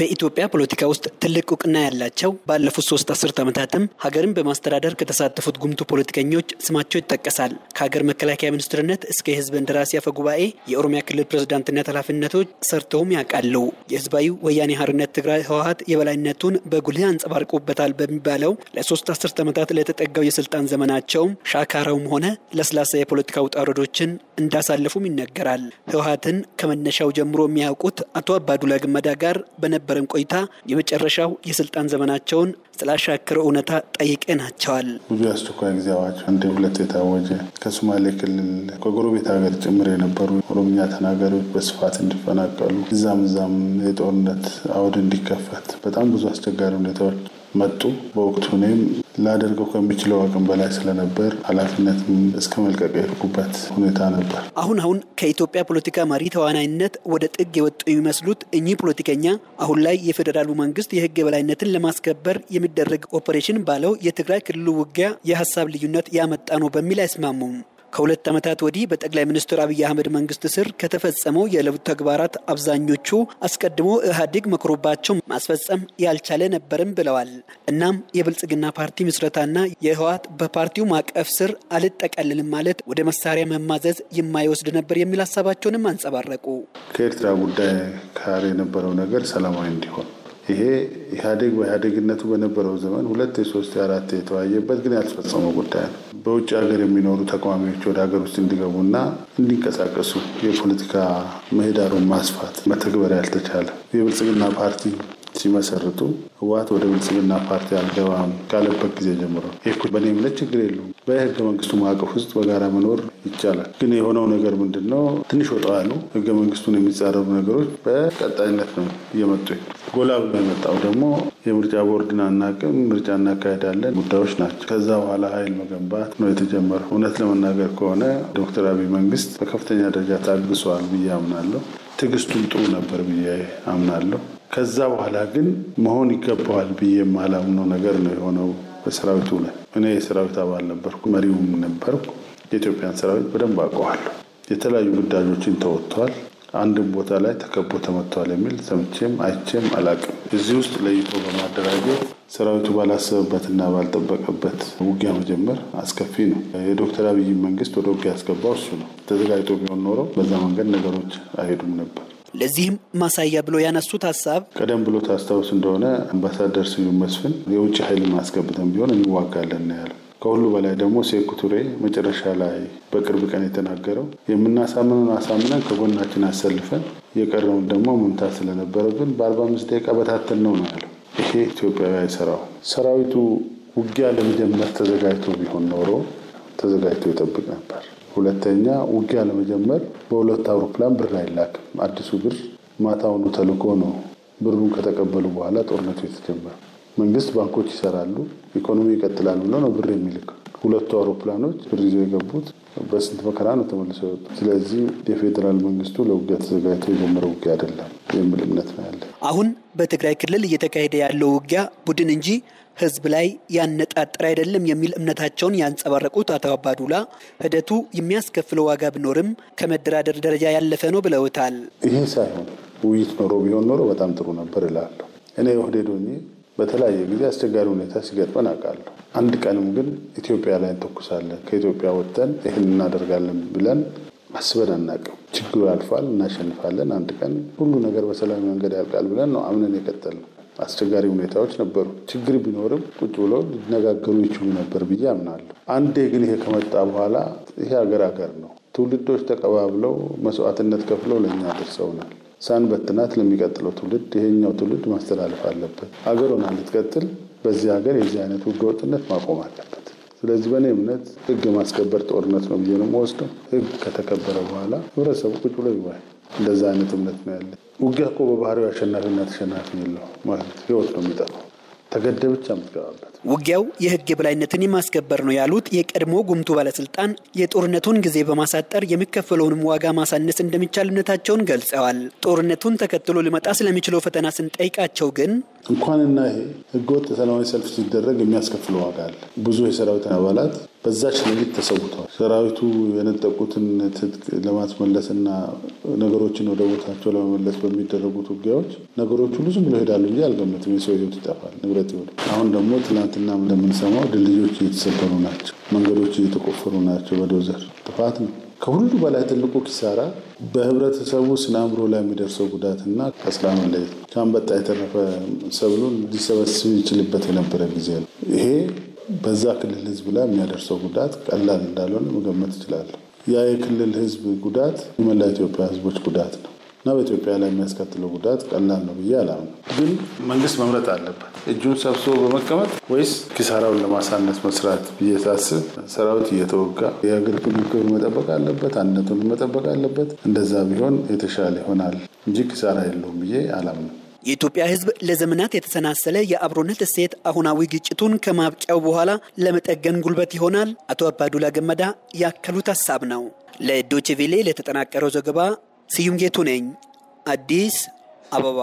በኢትዮጵያ ፖለቲካ ውስጥ ትልቅ እውቅና ያላቸው ባለፉት ሶስት አስርት ዓመታትም ሀገርን በማስተዳደር ከተሳተፉት ጉምቱ ፖለቲከኞች ስማቸው ይጠቀሳል። ከሀገር መከላከያ ሚኒስትርነት እስከ የህዝብ እንደራሴ አፈ ጉባኤ፣ የኦሮሚያ ክልል ፕሬዝዳንትነት ኃላፊነቶች ሰርተውም ያውቃሉ። የህዝባዊ ወያኔ ሀርነት ትግራይ ህወሀት የበላይነቱን በጉልህ አንጸባርቆበታል በሚባለው ለሶስት አስርት ዓመታት ለተጠጋው የስልጣን ዘመናቸውም ሻካራውም ሆነ ለስላሳ የፖለቲካ ውጣ ውረዶችን እንዳሳለፉም ይነገራል። ህወሀትን ከመነሻው ጀምሮ የሚያውቁት አቶ አባዱላ ገመዳ ጋር በነ በነበረን ቆይታ የመጨረሻው የስልጣን ዘመናቸውን ስላሻከረ እውነታ ናቸዋል። ብዙ አስቸኳይ ጊዜ አዋጅ አንድ ሁለት የታወጀ ከሶማሌ ክልል ከጎረቤት ሀገር ጭምር የነበሩ ኦሮምኛ ተናጋሪዎች በስፋት እንዲፈናቀሉ እዛም እዛም የጦርነት አውድ እንዲከፈት በጣም ብዙ አስቸጋሪ ሁኔታዎች መጡ። በወቅቱ እኔም ላደርገው ከሚችለው አቅም በላይ ስለነበር ኃላፊነት እስከ መልቀቅ የሄድኩበት ሁኔታ ነበር። አሁን አሁን ከኢትዮጵያ ፖለቲካ መሪ ተዋናይነት ወደ ጥግ የወጡ የሚመስሉት እኚህ ፖለቲከኛ አሁን ላይ የፌዴራሉ መንግስት የህግ የበላይነትን ለማስከበር የሚደረግ ኦፐሬሽን ባለው የትግራይ ክልሉ ውጊያ የሀሳብ ልዩነት ያመጣ ነው በሚል አይስማሙም። ከሁለት ዓመታት ወዲህ በጠቅላይ ሚኒስትር አብይ አህመድ መንግስት ስር ከተፈጸመው የለውጥ ተግባራት አብዛኞቹ አስቀድሞ ኢህአዴግ መክሮባቸው ማስፈጸም ያልቻለ ነበርም ብለዋል። እናም የብልጽግና ፓርቲ ምስረታና የህወሓት በፓርቲው ማዕቀፍ ስር አልጠቀልልም ማለት ወደ መሳሪያ መማዘዝ የማይወስድ ነበር የሚል ሀሳባቸውንም አንጸባረቁ። ከኤርትራ ጉዳይ ካር የነበረው ነገር ሰላማዊ እንዲሆን ይሄ ኢህአዴግ በኢህአዴግነቱ በነበረው ዘመን ሁለት የሶስት የአራት የተወያየበት ግን ያልተፈጸመው ጉዳይ ነው በውጭ ሀገር የሚኖሩ ተቃዋሚዎች ወደ ሀገር ውስጥ እንዲገቡና እንዲንቀሳቀሱ የፖለቲካ ምህዳሩን ማስፋት መተግበር ያልተቻለ የብልጽግና ፓርቲ ሲመሰርቱ ህወሓት ወደ ብልጽግና ፓርቲ አልገባም ካለበት ጊዜ ጀምሮ ይህ በእኔም ላይ ችግር የለውም። በህገ መንግስቱ ማዕቀፍ ውስጥ በጋራ መኖር ይቻላል። ግን የሆነው ነገር ምንድን ነው? ትንሽ ወጣ ያሉ ህገ መንግስቱን የሚጻረሩ ነገሮች በቀጣይነት ነው እየመጡ ጎላ ብሎ የመጣው ደግሞ የምርጫ ቦርድን አናቅም፣ ምርጫ እናካሄዳለን ጉዳዮች ናቸው። ከዛ በኋላ ኃይል መገንባት ነው የተጀመረው። እውነት ለመናገር ከሆነ ዶክተር አብይ መንግስት በከፍተኛ ደረጃ ታግሷል ብዬ አምናለሁ። ትዕግስቱም ጥሩ ነበር ብዬ አምናለሁ። ከዛ በኋላ ግን መሆን ይገባዋል ብዬ የማላምነው ነገር ነው የሆነው በሰራዊቱ ላይ። እኔ የሰራዊት አባል ነበርኩ፣ መሪውም ነበርኩ። የኢትዮጵያን ሰራዊት በደንብ አውቀዋለሁ። የተለያዩ ግዳጆችን ተወጥተዋል። አንድም ቦታ ላይ ተከቦ ተመቷል የሚል ሰምቼም አይቼም አላቅም። እዚህ ውስጥ ለይቶ በማደራጀት ሰራዊቱ ባላሰበበትና ባልጠበቀበት ውጊያ መጀመር አስከፊ ነው። የዶክተር አብይ መንግስት ወደ ውጊያ ያስገባው እሱ ነው። ተዘጋጅቶ ቢሆን ኖረው በዛ መንገድ ነገሮች አይሄዱም ነበር። ለዚህም ማሳያ ብሎ ያነሱት ሀሳብ ቀደም ብሎ ታስታውስ እንደሆነ አምባሳደር ስዩም መስፍን የውጭ ኃይል ማስገብተን ቢሆን እንዋጋለን ነው ከሁሉ በላይ ደግሞ ሴኩቱሬ መጨረሻ ላይ በቅርብ ቀን የተናገረው የምናሳምነውን አሳምነን ከጎናችን አሰልፈን የቀረውን ደግሞ መምታት ስለነበረብን በ45 ደቂቃ በታተል ነው ነው ያለው። ይሄ ኢትዮጵያዊ አይሰራው። ሰራዊቱ ውጊያ ለመጀመር ተዘጋጅቶ ቢሆን ኖሮ ተዘጋጅቶ ይጠብቅ ነበር። ሁለተኛ ውጊያ ለመጀመር በሁለት አውሮፕላን ብር አይላክም። አዲሱ ብር ማታውኑ ተልኮ ነው። ብሩን ከተቀበሉ በኋላ ጦርነቱ የተጀመረ መንግስት ባንኮች ይሰራሉ፣ ኢኮኖሚ ይቀጥላል ብሎ ነው ብር የሚልከው። ሁለቱ አውሮፕላኖች ብር ይዘው የገቡት በስንት መከራ ነው ተመልሶ የወጡ። ስለዚህ የፌዴራል መንግስቱ ለውጊያ ተዘጋጅቶ የጀመረ ውጊያ አይደለም የሚል እምነት ነው ያለ። አሁን በትግራይ ክልል እየተካሄደ ያለው ውጊያ ቡድን እንጂ ህዝብ ላይ ያነጣጠረ አይደለም የሚል እምነታቸውን ያንጸባረቁት አቶ አባዱላ ሂደቱ የሚያስከፍለው ዋጋ ቢኖርም ከመደራደር ደረጃ ያለፈ ነው ብለውታል። ይሄ ሳይሆን ውይይት ኖሮ ቢሆን ኖሮ በጣም ጥሩ ነበር እላለሁ። እኔ ኦህዴድ ሆኜ በተለያየ ጊዜ አስቸጋሪ ሁኔታ ሲገጥመን አውቃለሁ። አንድ ቀንም ግን ኢትዮጵያ ላይ እንተኩሳለን፣ ከኢትዮጵያ ወጥተን ይህን እናደርጋለን ብለን አስበን አናውቅም። ችግሩ ያልፋል፣ እናሸንፋለን፣ አንድ ቀን ሁሉ ነገር በሰላም መንገድ ያልቃል ብለን ነው አምነን የቀጠልነው። አስቸጋሪ ሁኔታዎች ነበሩ። ችግር ቢኖርም ቁጭ ብሎ ሊነጋገሩ ይችሉ ነበር ብዬ አምናለሁ። አንዴ ግን ይሄ ከመጣ በኋላ ይሄ ሀገር ሀገር ነው። ትውልዶች ተቀባብለው መስዋዕትነት ከፍለው ለእኛ ደርሰውናል። ሳንበትናት ለሚቀጥለው ትውልድ ይሄኛው ትውልድ ማስተላለፍ አለበት። ሀገር ሆና ልትቀጥል በዚህ ሀገር የዚህ አይነት ህገወጥነት ማቆም አለበት። ስለዚህ በእኔ እምነት ህግ የማስከበር ጦርነት ነው ብዬ ነው የምወስደው። ህግ ከተከበረ በኋላ ህብረተሰቡ ቁጭ ብሎ ይወያል። እንደዛ አይነት እምነት ነው ያለ። ውጊያ እኮ በባህሪው አሸናፊና ተሸናፊ የለው ማለት ህይወት ነው የሚጠፋው ተገደ ብቻ የምትገባበት ውጊያው የህግ የበላይነትን የማስከበር ነው ያሉት የቀድሞ ጉምቱ ባለስልጣን የጦርነቱን ጊዜ በማሳጠር የሚከፈለውንም ዋጋ ማሳነስ እንደሚቻልነታቸውን ገልጸዋል። ጦርነቱን ተከትሎ ሊመጣ ስለሚችለው ፈተና ስንጠይቃቸው ግን እንኳንና ይሄ ህገወጥ ሰላማዊ ሰልፍ ሲደረግ የሚያስከፍለው ዋጋ አለ። ብዙ የሰራዊትን አባላት በዛች ሌሊት ተሰውተዋል። ሰራዊቱ የነጠቁትን ትጥቅ ለማስመለስና ነገሮችን ወደ ቦታቸው ለመመለስ በሚደረጉት ውጊያዎች ነገሮቹ ብዙ ብሎ ይሄዳሉ እንጂ አልገምትም። የሰው ህይወት ይጠፋል፣ ንብረት ይወድ። አሁን ደግሞ ትናንትና እንደምንሰማው ድልድዮች እየተሰበሩ ናቸው፣ መንገዶች እየተቆፈሩ ናቸው። በዶዘር ጥፋት ነው። ከሁሉ በላይ ትልቁ ኪሳራ በህብረተሰቡ ስነ አእምሮ ላይ የሚደርሰው ጉዳትና ከስራ መለየት ከአንበጣ የተረፈ ሰብሉን ሊሰበስብ ይችልበት የነበረ ጊዜ ነው። ይሄ በዛ ክልል ህዝብ ላይ የሚያደርሰው ጉዳት ቀላል እንዳልሆነ መገመት ይችላል። ያ የክልል ህዝብ ጉዳት የመላ ኢትዮጵያ ህዝቦች ጉዳት ነው። እና በኢትዮጵያ ላይ የሚያስከትለው ጉዳት ቀላል ነው ብዬ አላምነው። ግን መንግስት መምረጥ አለበት እጁን ሰብስቦ በመቀመጥ ወይስ ኪሳራውን ለማሳነስ መስራት ብዬ ሳስብ ሰራዊት እየተወጋ የሀገር ክብር መጠበቅ አለበት፣ አንድነቱን መጠበቅ አለበት። እንደዛ ቢሆን የተሻለ ይሆናል እንጂ ኪሳራ የለውም ብዬ አላምነው። የኢትዮጵያ ሕዝብ ለዘመናት የተሰናሰለ የአብሮነት እሴት አሁናዊ ግጭቱን ከማብቂያው በኋላ ለመጠገን ጉልበት ይሆናል አቶ አባዱላ ገመዳ ያከሉት ሀሳብ ነው። ለዶቼ ቬሌ ለተጠናቀረው ዘገባ ስዩም ጌቱ ነኝ። አዲስ አበባ